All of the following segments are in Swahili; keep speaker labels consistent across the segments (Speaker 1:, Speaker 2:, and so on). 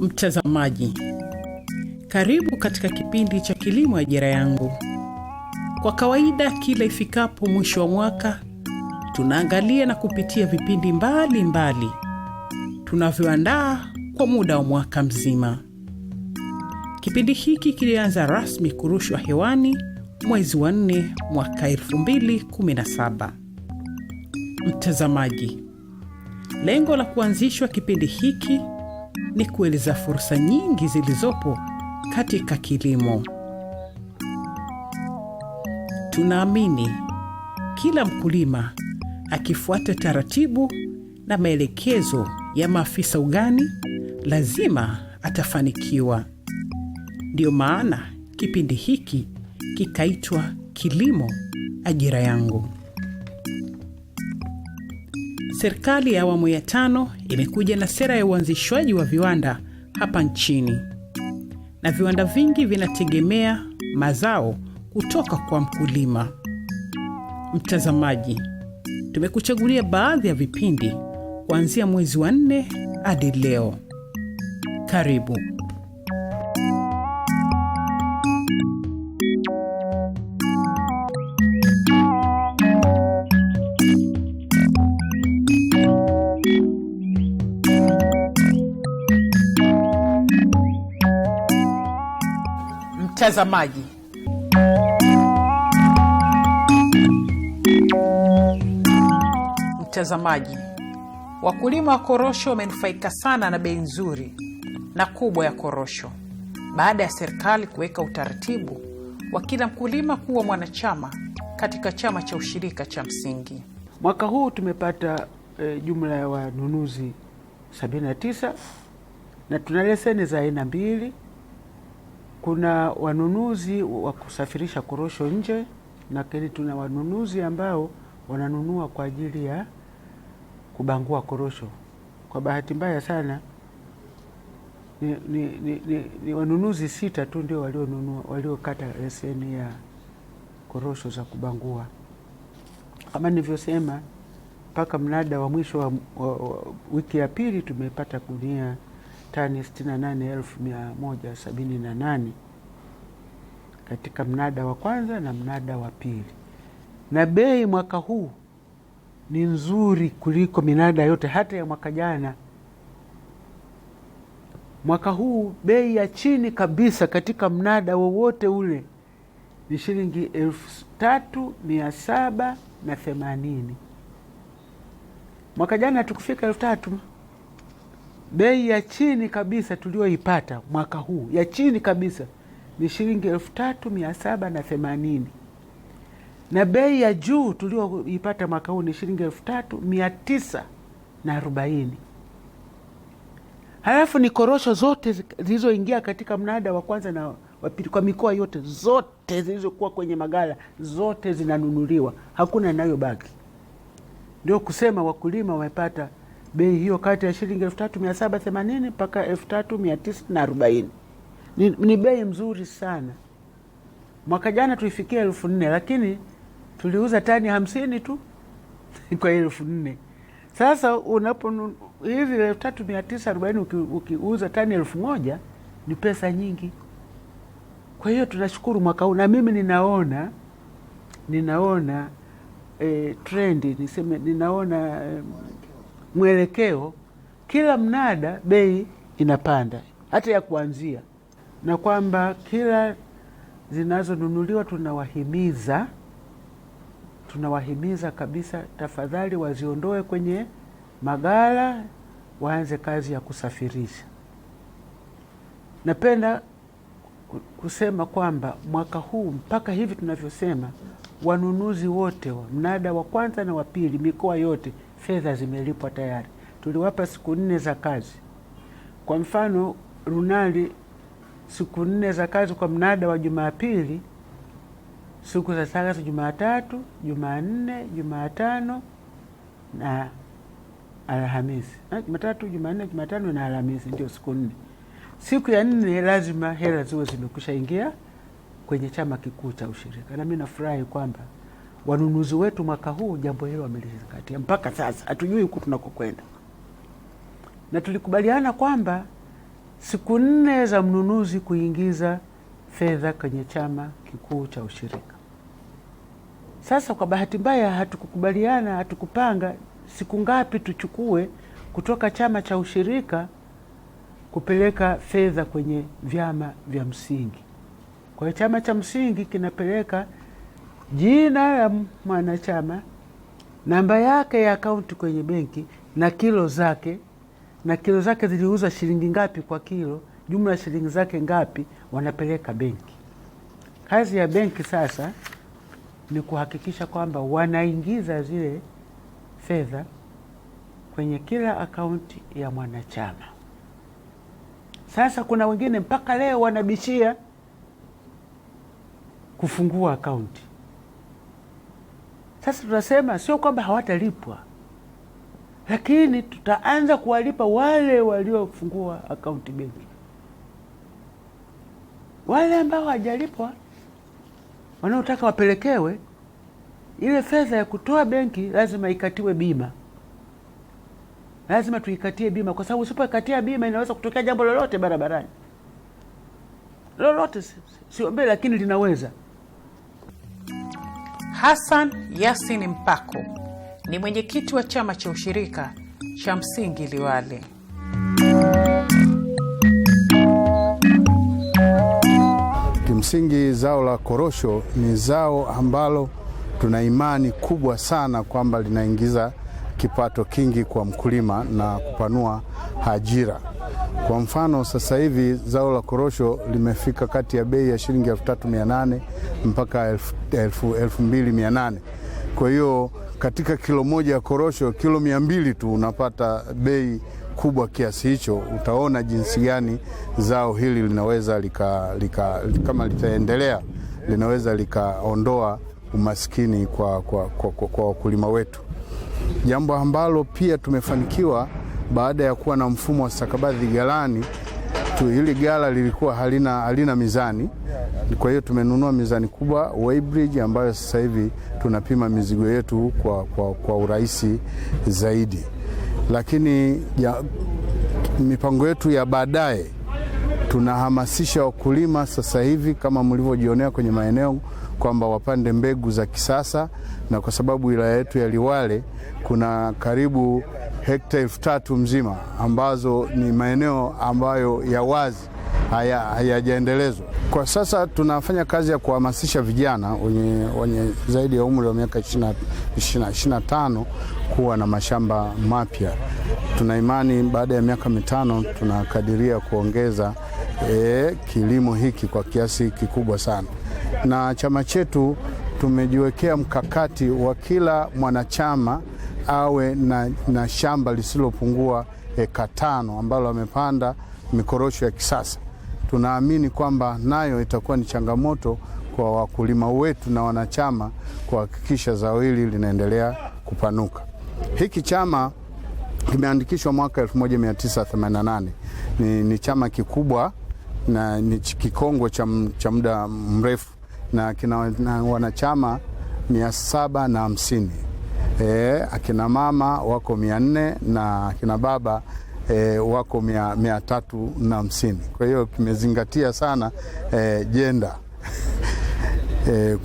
Speaker 1: Mtazamaji, karibu katika kipindi cha Kilimo Ajira Yangu. Kwa kawaida kila ifikapo mwisho wa mwaka tunaangalia na kupitia vipindi mbalimbali tunavyoandaa kwa muda wa mwaka mzima. Kipindi hiki kilianza rasmi kurushwa hewani mwezi wa nne mwaka 2017. Mtazamaji, lengo la kuanzishwa kipindi hiki ni kueleza fursa nyingi zilizopo katika kilimo. Tunaamini kila mkulima akifuata taratibu na maelekezo ya maafisa ugani lazima atafanikiwa. Ndiyo maana kipindi hiki kikaitwa Kilimo Ajira Yangu. Serikali ya awamu ya tano imekuja na sera ya uanzishwaji wa viwanda hapa nchini, na viwanda vingi vinategemea mazao kutoka kwa mkulima. Mtazamaji, tumekuchagulia baadhi ya vipindi kuanzia mwezi wa nne hadi leo. Karibu. Mtazamaji, watazamaji, wakulima wa korosho wamenufaika sana na bei nzuri na kubwa ya korosho baada ya serikali kuweka utaratibu wa kila mkulima kuwa mwanachama katika chama cha ushirika cha msingi. Mwaka huu tumepata e, jumla ya wanunuzi 79 na tuna leseni za aina mbili. Kuna wanunuzi wa kusafirisha korosho nje, lakini tuna wanunuzi ambao wananunua kwa ajili ya kubangua korosho. Kwa bahati mbaya sana ni, ni, ni, ni, ni wanunuzi sita tu ndio walionunua waliokata leseni ya korosho za kubangua. Kama nilivyosema, mpaka mnada wa mwisho wa, wa, wa wiki ya pili tumepata gunia tani 68,178 katika mnada wa kwanza na mnada wa pili, na bei mwaka huu ni nzuri kuliko minada yote hata ya mwaka jana. Mwaka huu bei ya chini kabisa katika mnada wowote ule ni shilingi elfu tatu mia saba na themanini. Mwaka jana tukufika elfu tatu. Bei ya chini kabisa tulioipata mwaka huu ya chini kabisa ni shilingi elfu tatu mia saba na themanini na bei ya juu tulioipata mwaka huu ni shilingi elfu tatu mia tisa na arobaini. Halafu ni korosho zote zilizoingia katika mnada wa kwanza na wa pili kwa mikoa yote, zote zilizokuwa kwenye magala zote zinanunuliwa, hakuna inayobaki. Ndio kusema wakulima wamepata bei hiyo kati ya shilingi elfu tatu mia saba themanini mpaka elfu tatu mia tisa na arobaini. Ni, ni bei mzuri sana. Mwaka jana tuifikia elfu nne lakini tuliuza tani hamsini tu kwa elfu nne. Sasa unapo hivi elfu tatu mia tisa arobaini ukiuza tani elfu moja ni pesa nyingi. Kwa hiyo tunashukuru mwaka huu, na mimi ninaona ninaona e, eh, trendi niseme, ninaona e, mwelekeo, kila mnada bei inapanda hata ya kuanzia, na kwamba kila zinazonunuliwa tunawahimiza tunawahimiza kabisa, tafadhali waziondoe kwenye magala, waanze kazi ya kusafirisha. Napenda kusema kwamba mwaka huu mpaka hivi tunavyosema, wanunuzi wote wa mnada wa kwanza na wa pili, mikoa yote, fedha zimelipwa tayari. Tuliwapa siku nne za kazi. Kwa mfano, Runali siku nne za kazi kwa mnada wa Jumapili siku za za Jumatatu, Jumanne, Jumatano na Alhamisi. Jumatatu, Jumanne, Jumatano na Alhamisi ndio siku nne. Siku ya nne lazima hela ziwe zimekusha ingia kwenye chama kikuu cha ushirika, na mimi nafurahi kwamba wanunuzi wetu mwaka huu jambo hilo wamelizingatia. Mpaka sasa hatujui huku tunakokwenda, na tulikubaliana kwamba siku nne za mnunuzi kuingiza fedha kwenye chama kikuu cha ushirika. Sasa kwa bahati mbaya hatukukubaliana, hatukupanga siku ngapi tuchukue kutoka chama cha ushirika kupeleka fedha kwenye vyama vya msingi. Kwa hiyo chama cha msingi kinapeleka jina la mwanachama, namba yake ya akaunti kwenye benki na kilo zake, na kilo zake ziliuza shilingi ngapi kwa kilo, jumla shilingi zake ngapi, wanapeleka benki. Kazi ya benki sasa ni kuhakikisha kwamba wanaingiza zile fedha kwenye kila akaunti ya mwanachama. Sasa kuna wengine mpaka leo wanabishia kufungua akaunti. Sasa tunasema sio kwamba hawatalipwa, lakini tutaanza kuwalipa wale waliofungua akaunti benki, wale ambao hawajalipwa wanaotaka wapelekewe, ile fedha ya kutoa benki lazima ikatiwe bima, lazima tuikatie bima, kwa sababu usipokatia bima inaweza kutokea jambo lolote barabarani, lolote mbele lakini linaweza. Hassan Yasin Mpako ni mwenyekiti wa chama cha ushirika cha msingi Liwale. Kimsingi zao la korosho ni zao ambalo tuna imani kubwa sana kwamba linaingiza kipato kingi kwa mkulima na kupanua ajira. Kwa mfano, sasa hivi zao la korosho limefika kati ya bei ya shilingi 3800 mpaka 2800. Kwa hiyo katika kilo moja ya korosho, kilo 200 tu unapata bei kubwa kiasi hicho, utaona jinsi gani zao hili linaweza lika, lika, kama litaendelea linaweza likaondoa umaskini kwa wakulima kwa, kwa, kwa wetu, jambo ambalo pia tumefanikiwa baada ya kuwa na mfumo wa stakabadhi ghalani tu. Hili ghala lilikuwa halina, halina mizani, kwa hiyo tumenunua mizani kubwa Weybridge, ambayo sasa hivi tunapima mizigo yetu kwa, kwa, kwa urahisi zaidi lakini ya, mipango yetu ya baadaye tunahamasisha wakulima sasa hivi kama mlivyojionea kwenye maeneo kwamba wapande mbegu za kisasa, na kwa sababu wilaya yetu ya Liwale kuna karibu hekta elfu tatu mzima ambazo ni maeneo ambayo ya wazi hayajaendelezwa haya. Kwa sasa tunafanya kazi ya kuhamasisha vijana wenye, wenye zaidi ya umri wa miaka tano kuwa na mashamba mapya. Tuna imani baada ya miaka mitano tunakadiria kuongeza e, kilimo hiki kwa kiasi kikubwa sana, na chama chetu tumejiwekea mkakati wa kila mwanachama awe na, na shamba lisilopungua heka tano ambalo amepanda mikorosho ya kisasa tunaamini kwamba nayo itakuwa ni changamoto kwa wakulima wetu na wanachama kuhakikisha zao hili linaendelea kupanuka. Hiki chama kimeandikishwa mwaka 1988 ni, ni chama kikubwa na ni kikongwe cha muda mrefu na kina na wanachama mia saba na hamsini. E, akina mama wako mia nne na akina baba e, wako mia, mia tatu na hamsini. Kwa hiyo kimezingatia sana e, jenda e,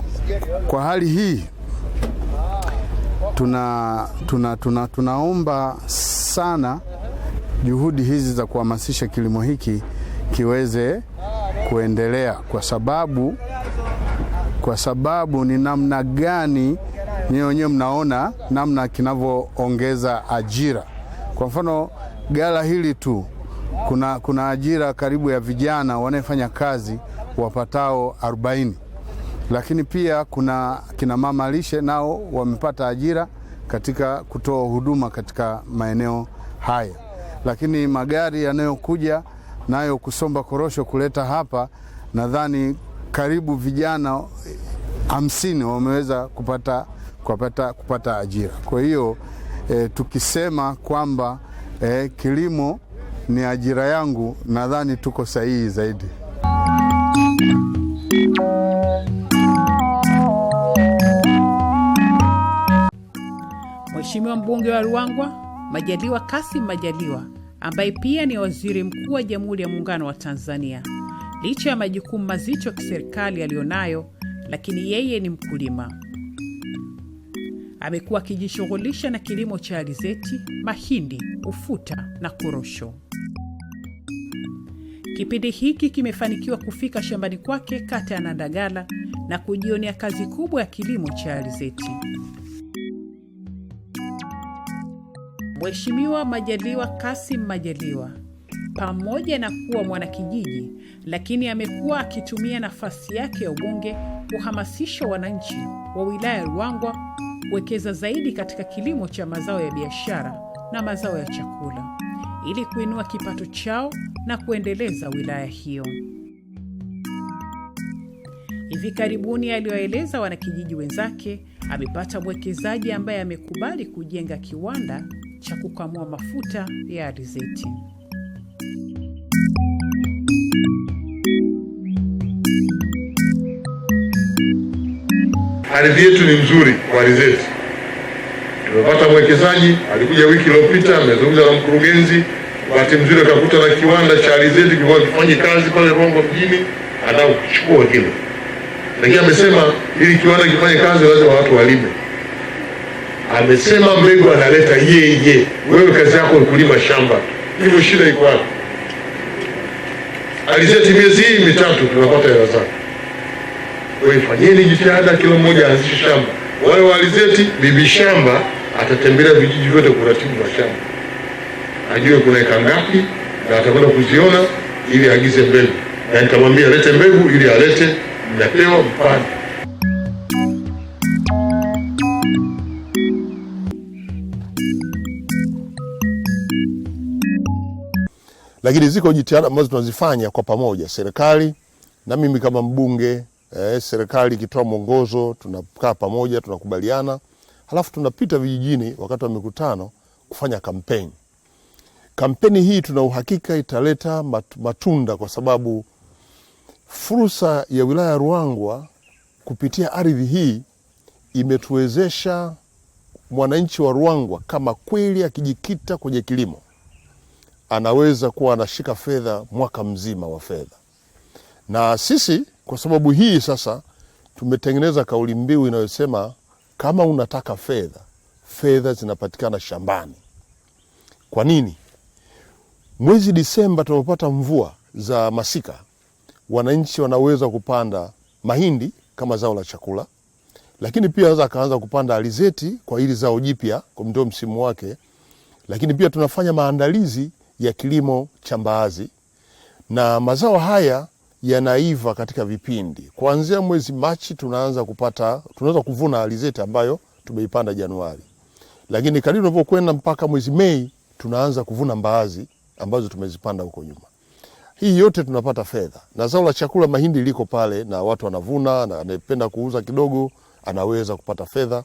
Speaker 1: kwa hali hii tuna, tuna, tuna, tunaomba sana juhudi hizi za kuhamasisha kilimo hiki kiweze kuendelea kwa sababu kwa sababu ni namna gani nyinyi wenyewe mnaona namna kinavyoongeza ajira. Kwa mfano gala hili tu kuna, kuna ajira karibu ya vijana wanaofanya kazi wapatao 40 lakini pia kuna kina mama lishe nao wamepata ajira katika kutoa huduma katika maeneo haya, lakini magari yanayokuja nayo kusomba korosho kuleta hapa, nadhani karibu vijana hamsini wameweza kupata, kupata, kupata ajira. Kwa hiyo e, tukisema kwamba eh, kilimo ni ajira yangu, nadhani tuko sahihi zaidi.
Speaker 2: Mheshimiwa mbunge wa Ruangwa Majaliwa Kasim Majaliwa ambaye pia ni waziri mkuu wa Jamhuri ya Muungano wa Tanzania, licha ya majukumu mazito ya kiserikali aliyonayo, lakini yeye ni mkulima amekuwa akijishughulisha na kilimo cha alizeti, mahindi, ufuta na korosho. Kipindi hiki kimefanikiwa kufika shambani kwake kata ya Nandagala na kujionea kazi kubwa ya kilimo cha alizeti. Mheshimiwa Majaliwa Kasim Majaliwa pamoja na kuwa mwanakijiji, lakini amekuwa akitumia nafasi yake ya ubunge kuhamasisha wananchi wa wilaya ya Ruangwa kuwekeza zaidi katika kilimo cha mazao ya biashara na mazao ya chakula ili kuinua kipato chao na kuendeleza wilaya hiyo. Hivi karibuni aliyoeleza wanakijiji wenzake, amepata mwekezaji ambaye amekubali kujenga kiwanda cha kukamua mafuta ya alizeti.
Speaker 3: ardhi yetu ni mzuri kwa ardhi Tumepata mwekezaji alikuja wiki iliyopita, amezungumza na mkurugenzi, bahati mzuri akakuta na kiwanda cha ardhi zetu kilikuwa kifanye kazi pale Rongo mjini, anataka kuchukua kile, lakini amesema ili kiwanda kifanye kazi lazima watu walime. Amesema mbegu analeta yeye, wewe kazi yako ni kulima shamba, hivyo shida iko wapi? Alizeti miezi hii mitatu tunapata hela zake kwa fanyeni jitihada, kila mmoja aanzishe shamba. Wale walizeti bibi shamba atatembelea vijiji vyote kuratibu mashamba, ajue kuna eka ngapi, na atakwenda kuziona ili aagize mbegu, na nitamwambia alete mbegu ili alete, mnapewa mpande.
Speaker 4: Lakini ziko jitihada ambazo tunazifanya kwa pamoja, serikali na mimi kama mbunge eh, serikali ikitoa mwongozo tunakaa pamoja, tunakubaliana, halafu tunapita vijijini wakati wa mikutano kufanya kampeni. Kampeni hii tuna uhakika italeta matunda kwa sababu fursa ya wilaya ya Ruangwa kupitia ardhi hii imetuwezesha mwananchi wa Ruangwa kama kweli akijikita kwenye kilimo anaweza kuwa anashika fedha mwaka mzima wa fedha, na sisi kwa sababu hii sasa tumetengeneza kauli mbiu inayosema kama unataka fedha, fedha zinapatikana shambani. Kwa nini? Mwezi Disemba tunapopata mvua za masika, wananchi wanaweza kupanda mahindi kama zao la chakula, lakini pia anaweza akaanza kupanda alizeti kwa hili zao jipya, ndio msimu wake. Lakini pia tunafanya maandalizi ya kilimo cha mbaazi na mazao haya yanaiva katika vipindi. Kuanzia mwezi Machi tunaanza kupata, tunaweza kuvuna alizeti ambayo tumeipanda Januari, lakini kadri unavyokwenda mpaka mwezi Mei tunaanza kuvuna mbaazi ambazo tumezipanda huko nyuma. Hii yote tunapata fedha, na zao la chakula mahindi liko pale na watu wanavuna, na anayependa kuuza kidogo anaweza kupata fedha,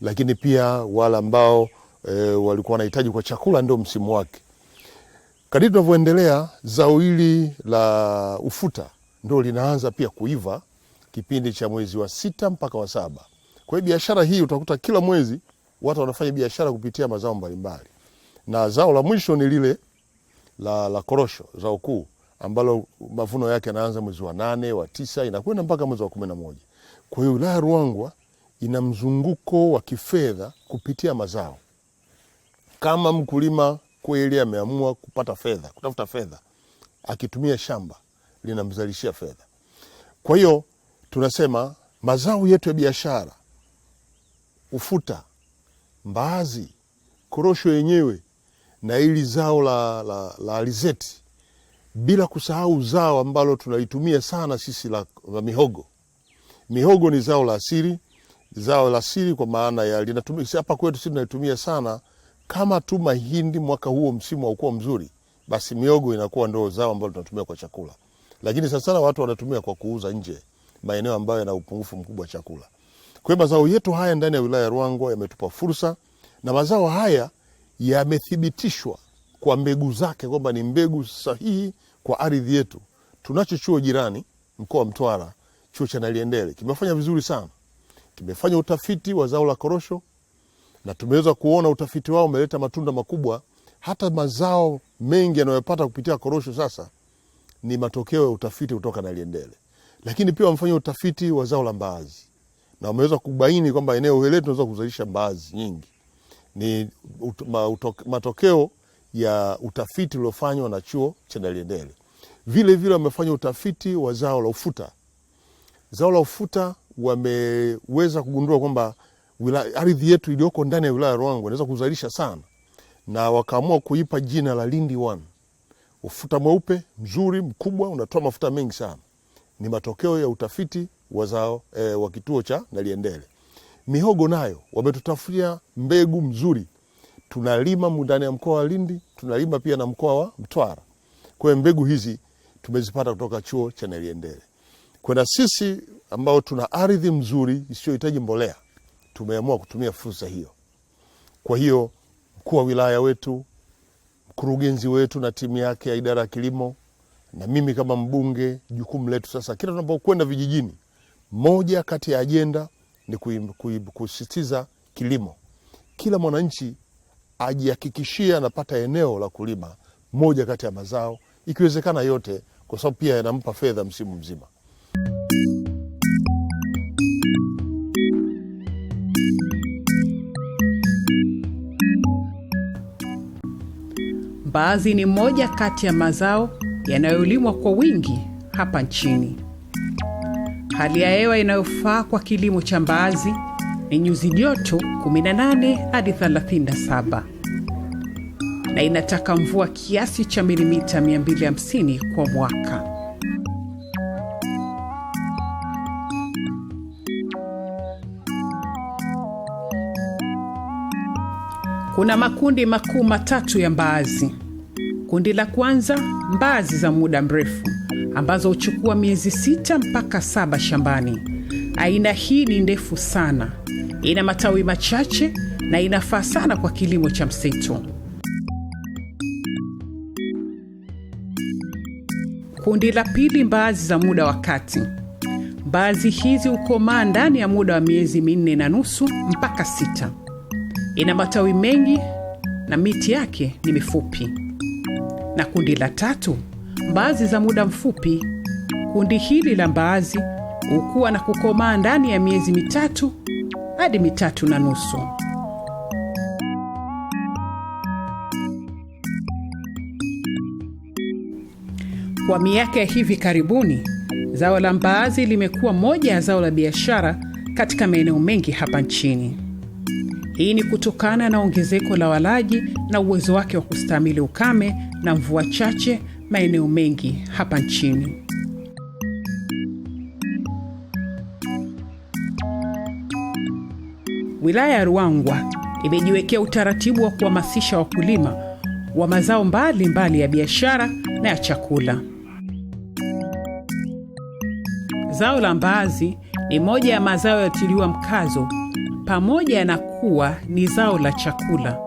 Speaker 4: lakini pia wale ambao e, walikuwa wanahitaji kwa chakula ndio msimu wake. Kadri tunavyoendelea, zao hili la ufuta ndo linaanza pia kuiva kipindi cha mwezi wa sita mpaka wa saba. Kwa hiyo biashara hii utakuta kila mwezi watu wanafanya biashara kupitia mazao mbalimbali, na zao la mwisho ni lile la, la korosho, zao kuu ambalo mavuno yake yanaanza mwezi wa nane wa tisa inakwenda mpaka mwezi wa kumi na moja. Kwa hiyo wilaya Ruangwa ina mzunguko wa kifedha kupitia mazao. Kama mkulima kweli ameamua kupata fedha, kutafuta fedha akitumia shamba linamzalishia fedha. Kwa hiyo tunasema mazao yetu ya biashara, ufuta, mbaazi, korosho yenyewe na hili zao la, la, la alizeti, bila kusahau zao ambalo tunalitumia sana sisi la, la mihogo. Mihogo ni zao la asili, zao la asili kwa maana ya linatumika hapa kwetu, sisi tunaitumia sana kama tu mahindi. Mwaka huo msimu haukuwa mzuri, basi mihogo inakuwa ndo zao ambalo tunatumia kwa chakula lakini sasa sana watu wanatumia kwa kuuza nje maeneo ambayo yana upungufu mkubwa wa chakula. Kwa hiyo mazao yetu haya ndani ya wilaya ya Ruangwa yametupa fursa, na mazao haya yamethibitishwa kwa mbegu zake kwamba ni mbegu sahihi kwa ardhi yetu. Tunacho chuo jirani mkoa wa Mtwara, chuo cha Naliendele kimefanya vizuri sana, kimefanya utafiti wa zao la korosho na tumeweza kuona utafiti wao umeleta matunda makubwa. Hata mazao mengi yanayopata kupitia korosho sasa ni matokeo ya utafiti kutoka Naliendele, lakini pia wamefanya utafiti wa zao la mbaazi na wameweza kubaini kwamba eneo hili tunaweza kuzalisha mbaazi nyingi. Ni matokeo ya utafiti uliofanywa na chuo cha Naliendele. Vile vile wamefanya utafiti wa zao la ufuta. Zao la ufuta wameweza kugundua kwamba ardhi yetu iliyoko ndani ya wilaya ya Ruangwa inaweza kuzalisha sana, na wakaamua kuipa jina la Lindi One. Ufuta mweupe mzuri mkubwa unatoa mafuta mengi sana. Ni matokeo ya utafiti wa zao e, wa kituo cha Naliendele. Mihogo nayo wametutafutia mbegu mzuri. Tunalima ndani ya mkoa wa Lindi, tunalima pia na mkoa wa Mtwara. Kwa hiyo mbegu hizi tumezipata kutoka chuo cha Naliendele. Kwenda sisi ambao tuna ardhi mzuri isiyohitaji mbolea, tumeamua kutumia fursa hiyo. Kwa hiyo mkuu wa wilaya wetu mkurugenzi wetu na timu yake ya idara ya kilimo na mimi kama mbunge, jukumu letu sasa, kila tunapokwenda vijijini, moja kati ya ajenda ni kusisitiza kilimo, kila mwananchi ajihakikishie anapata eneo la kulima moja kati ya mazao, ikiwezekana yote, kwa sababu pia yanampa fedha msimu mzima.
Speaker 2: mbaazi ni moja kati ya mazao yanayolimwa kwa wingi hapa nchini. Hali ya hewa inayofaa kwa kilimo cha mbaazi ni nyuzi joto 18 hadi 37 na inataka mvua kiasi cha milimita 250 kwa mwaka. Kuna makundi makuu matatu ya mbaazi. Kundi la kwanza, mbaazi za muda mrefu ambazo huchukua miezi sita mpaka saba shambani. Aina hii ni ndefu sana, ina matawi machache na inafaa sana kwa kilimo cha msitu. Kundi la pili, mbaazi za muda wa kati. Mbaazi hizi hukomaa ndani ya muda wa miezi minne na nusu mpaka sita. Ina matawi mengi na miti yake ni mifupi na kundi la tatu, mbaazi za muda mfupi. Kundi hili la mbaazi hukuwa na kukomaa ndani ya miezi mitatu hadi mitatu na nusu. Kwa miaka ya hivi karibuni, zao la mbaazi limekuwa moja ya zao la biashara katika maeneo mengi hapa nchini. Hii ni kutokana na ongezeko la walaji na uwezo wake wa kustahimili ukame na mvua chache maeneo mengi hapa nchini. Wilaya ya Ruangwa imejiwekea utaratibu wa kuhamasisha wakulima wa mazao mbalimbali mbali ya biashara na ya chakula. Zao la mbaazi ni moja ya mazao yatiliwa mkazo pamoja na kuwa ni zao la chakula.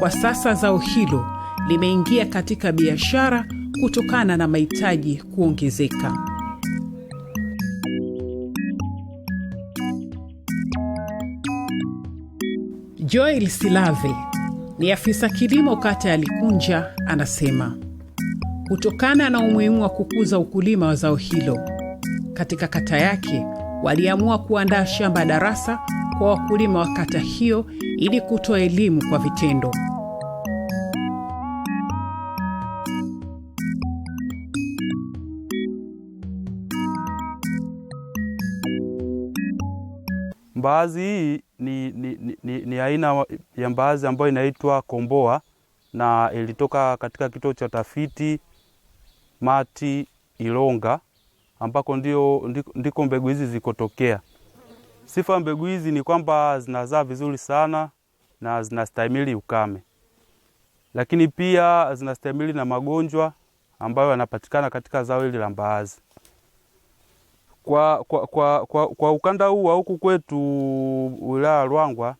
Speaker 2: Kwa sasa zao hilo limeingia katika biashara kutokana na mahitaji kuongezeka. Joel Silave ni afisa kilimo kata ya Likunja, anasema kutokana na umuhimu wa kukuza ukulima wa zao hilo katika kata yake, waliamua kuandaa shamba darasa kwa wakulima wa kata hiyo ili kutoa elimu kwa vitendo.
Speaker 5: Mbaazi hii ni, ni, ni, ni, ni aina ya mbaazi ambayo inaitwa Komboa na ilitoka katika kituo cha tafiti Mati Ilonga ambako ndio, ndiko, ndiko mbegu hizi zikotokea. Sifa mbegu hizi ni kwamba zinazaa vizuri sana na zinastahimili ukame, lakini pia zinastahimili na magonjwa ambayo yanapatikana katika zao hili la mbaazi kwa, kwa, kwa, kwa, kwa ukanda huu wa huku kwetu wilaya Ruangwa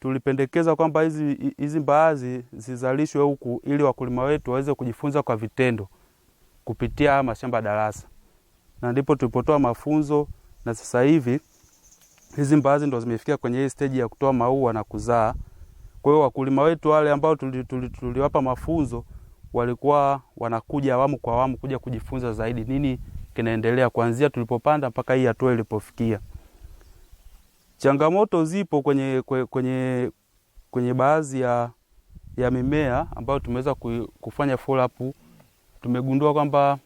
Speaker 5: tulipendekeza kwamba hizi hizi mbaazi zizalishwe huku ili wakulima wetu waweze kujifunza kwa vitendo kupitia mashamba darasa, na ndipo tulipotoa mafunzo, na sasa hivi hizi mbaazi ndo zimefikia kwenye hii stage ya kutoa maua na kuzaa. Kwa hiyo wakulima wetu wale ambao tuliwapa tuli, tuli, tuli mafunzo walikuwa wanakuja awamu kwa awamu kuja kujifunza zaidi nini kinaendelea kuanzia tulipopanda mpaka hii hatua ilipofikia. Changamoto zipo kwenye, kwenye, kwenye baadhi ya, ya mimea ambayo tumeweza kufanya follow up. Tumegundua kwamba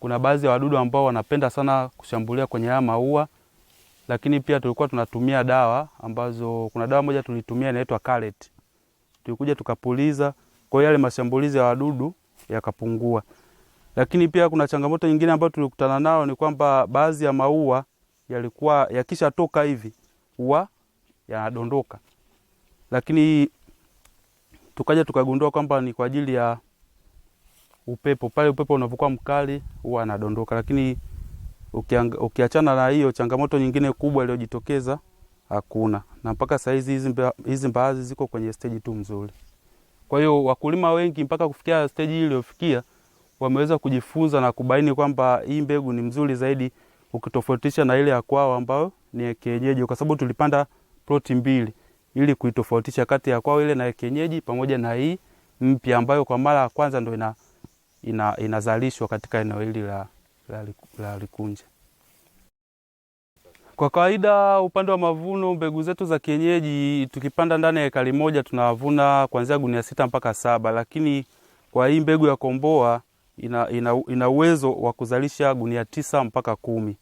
Speaker 5: kuna baadhi ya wadudu ambao wanapenda sana kushambulia kwenye haya maua, lakini pia tulikuwa tunatumia dawa ambazo, kuna dawa moja tulitumia inaitwa Carlet, tulikuja tukapuliza, kwa hiyo yale mashambulizi ya wadudu yakapungua. Lakini pia kuna changamoto nyingine ambayo tulikutana nao ni kwamba baadhi ya maua yalikuwa yakishatoka hivi huwa yanadondoka, lakini tukaja tukagundua kwamba ni kwa ajili ya upepo. Pale upepo unapokuwa mkali huwa anadondoka. Lakini ukiachana na hiyo, changamoto nyingine kubwa iliyojitokeza hakuna, na mpaka saizi hizi mbaazi ziko kwenye steji tu mzuri. Kwa hiyo wakulima wengi mpaka kufikia steji hii iliyofikia wameweza kujifunza na kubaini kwamba hii mbegu ni mzuri zaidi ukitofautisha na ile ya kwao ambayo ni ya kienyeji, kwa sababu tulipanda ploti mbili ili kuitofautisha kati ya kwao ile na ya kienyeji pamoja na hii mpya ambayo kwa mara ya kwanza ndo ina, ina, inazalishwa katika eneo hili la, la, la Likunja. Kwa kawaida upande wa mavuno, mbegu zetu za kienyeji tukipanda ndani ya ekari moja tunavuna kuanzia gunia sita mpaka saba, lakini kwa hii mbegu ya Komboa ina, ina, ina uwezo wa kuzalisha gunia tisa mpaka kumi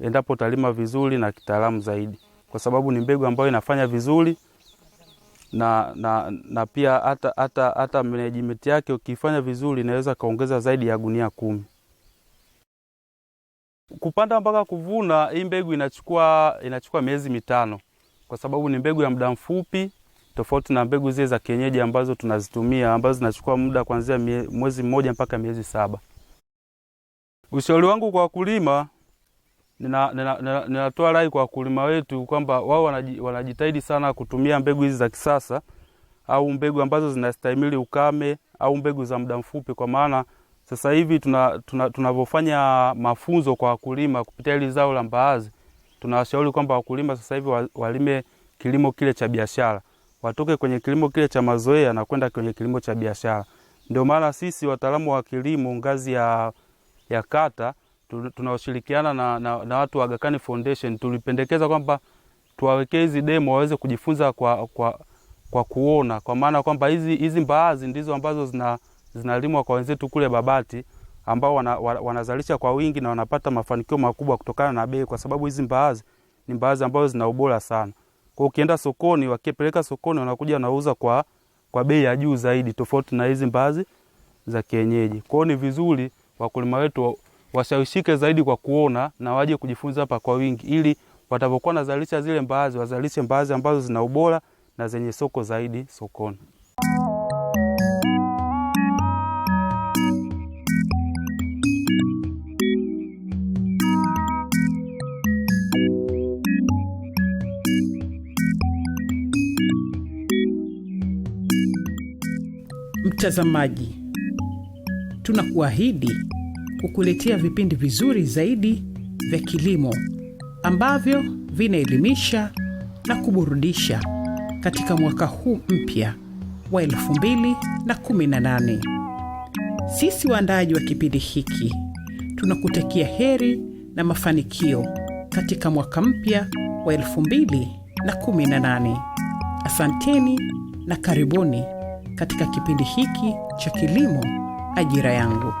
Speaker 5: endapo talima vizuri na kitaalamu zaidi, kwa sababu ni mbegu ambayo inafanya vizuri na, na, na pia hata, hata, hata management yake ukifanya vizuri inaweza kaongeza zaidi ya gunia kumi. Kupanda mpaka kuvuna, hii mbegu inachukua, inachukua miezi mitano kwa sababu ni mbegu ya muda mfupi tofauti na mbegu zile za kienyeji ambazo tunazitumia ambazo zinachukua muda kuanzia mwezi mmoja mpaka miezi saba. Ushauri wangu kwa wakulima, ninatoa nina, nina, nina rai kwa wakulima wetu kwamba wao wanajitahidi sana kutumia mbegu hizi za kisasa au mbegu ambazo zinastahimili ukame au mbegu za muda mfupi, kwa maana sasa hivi tunavyofanya tuna, tuna mafunzo kwa wakulima kupitia hili zao la mbaazi, tunawashauri kwamba wakulima sasa hivi walime kilimo kile cha biashara watoke kwenye kilimo kile cha mazoea na kwenda kwenye kilimo cha biashara. Ndio maana sisi wataalamu wa kilimo ngazi ya, ya kata tunaoshirikiana na, na, na watu wa Aga Foundation tulipendekeza kwamba tuwawekee hizi demo waweze kujifunza kwa, kwa, kwa kuona, kwa maana kwamba hizi, hizi mbaazi ndizo ambazo zina zinalimwa kwa wenzetu kule Babati ambao wana, wanazalisha kwa wingi na wanapata mafanikio makubwa kutokana na bei, kwa sababu hizi mbaazi ni mbaazi ambazo zina ubora sana. Kwa ukienda sokoni, wakipeleka sokoni wanakuja wanauza kwa, kwa bei ya juu zaidi tofauti na hizi mbazi za kienyeji. Kwao ni vizuri wakulima wetu washawishike zaidi kwa kuona na waje kujifunza hapa kwa wingi ili watapokuwa nazalisha zile mbaazi wazalishe mbaazi ambazo zina ubora na zenye soko zaidi sokoni.
Speaker 2: Mtazamaji, tunakuahidi kukuletea vipindi vizuri zaidi vya kilimo ambavyo vinaelimisha na kuburudisha katika mwaka huu mpya wa 2018. Sisi waandaaji wa kipindi hiki tunakutakia heri na mafanikio katika mwaka mpya wa 2018. Asanteni na karibuni katika kipindi hiki cha Kilimo Ajira Yangu.